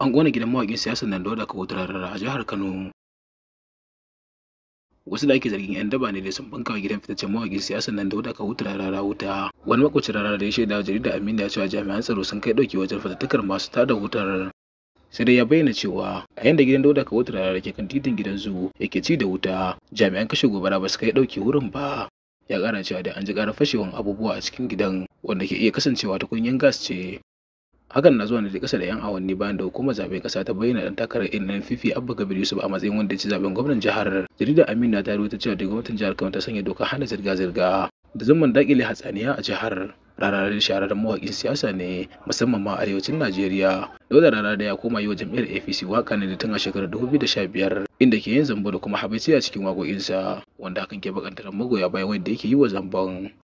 An gona gidan mawaƙin siyasar nan Dauda Kawo rarra a jihar Kano. Wasu da ake zargin 'yan daba ne da sun banka gidan fitaccen mawaƙin siyasar nan Dauda Kawo rarra wuta. Wani makwacin rarra da ya shaida wa jarida Aminu ya cewa jami'an tsaro sun kai ɗauki wajen fatattakar masu tada wutar. sai dai ya bayyana cewa a yanda gidan dauda kawo rarra ke kan titin gidan zu yake ci da wuta jami'an kashe gobara ba su kai ɗauki wurin ba ya ƙara cewa da an ji ƙara fashewan abubuwa a cikin gidan wanda ke iya kasancewa tukunyan gas ce hakan na zuwa ne kasa da 'yan awanni bayan da hukumar zaben kasa ta bayyana dan takarar fifi abba gabir yusuf a matsayin wanda ya ci zaben gwamnan jihar jaridar amina ta rubuta cewa da gwamnatin jihar kano ta sanya doka hana zirga-zirga da zaman dakile hatsaniya a jihar rarare shahararren mawaƙin siyasa ne musamman ma arewacin najeriya dole da ya koma yi wa jam'iyyar apc waka ne da tun a shekarar 2015 inda ke yin zambo da kuma habaiciya a cikin waƙoƙinsa wanda hakan ke bakantar magoya bayan wanda yake yi wa zamban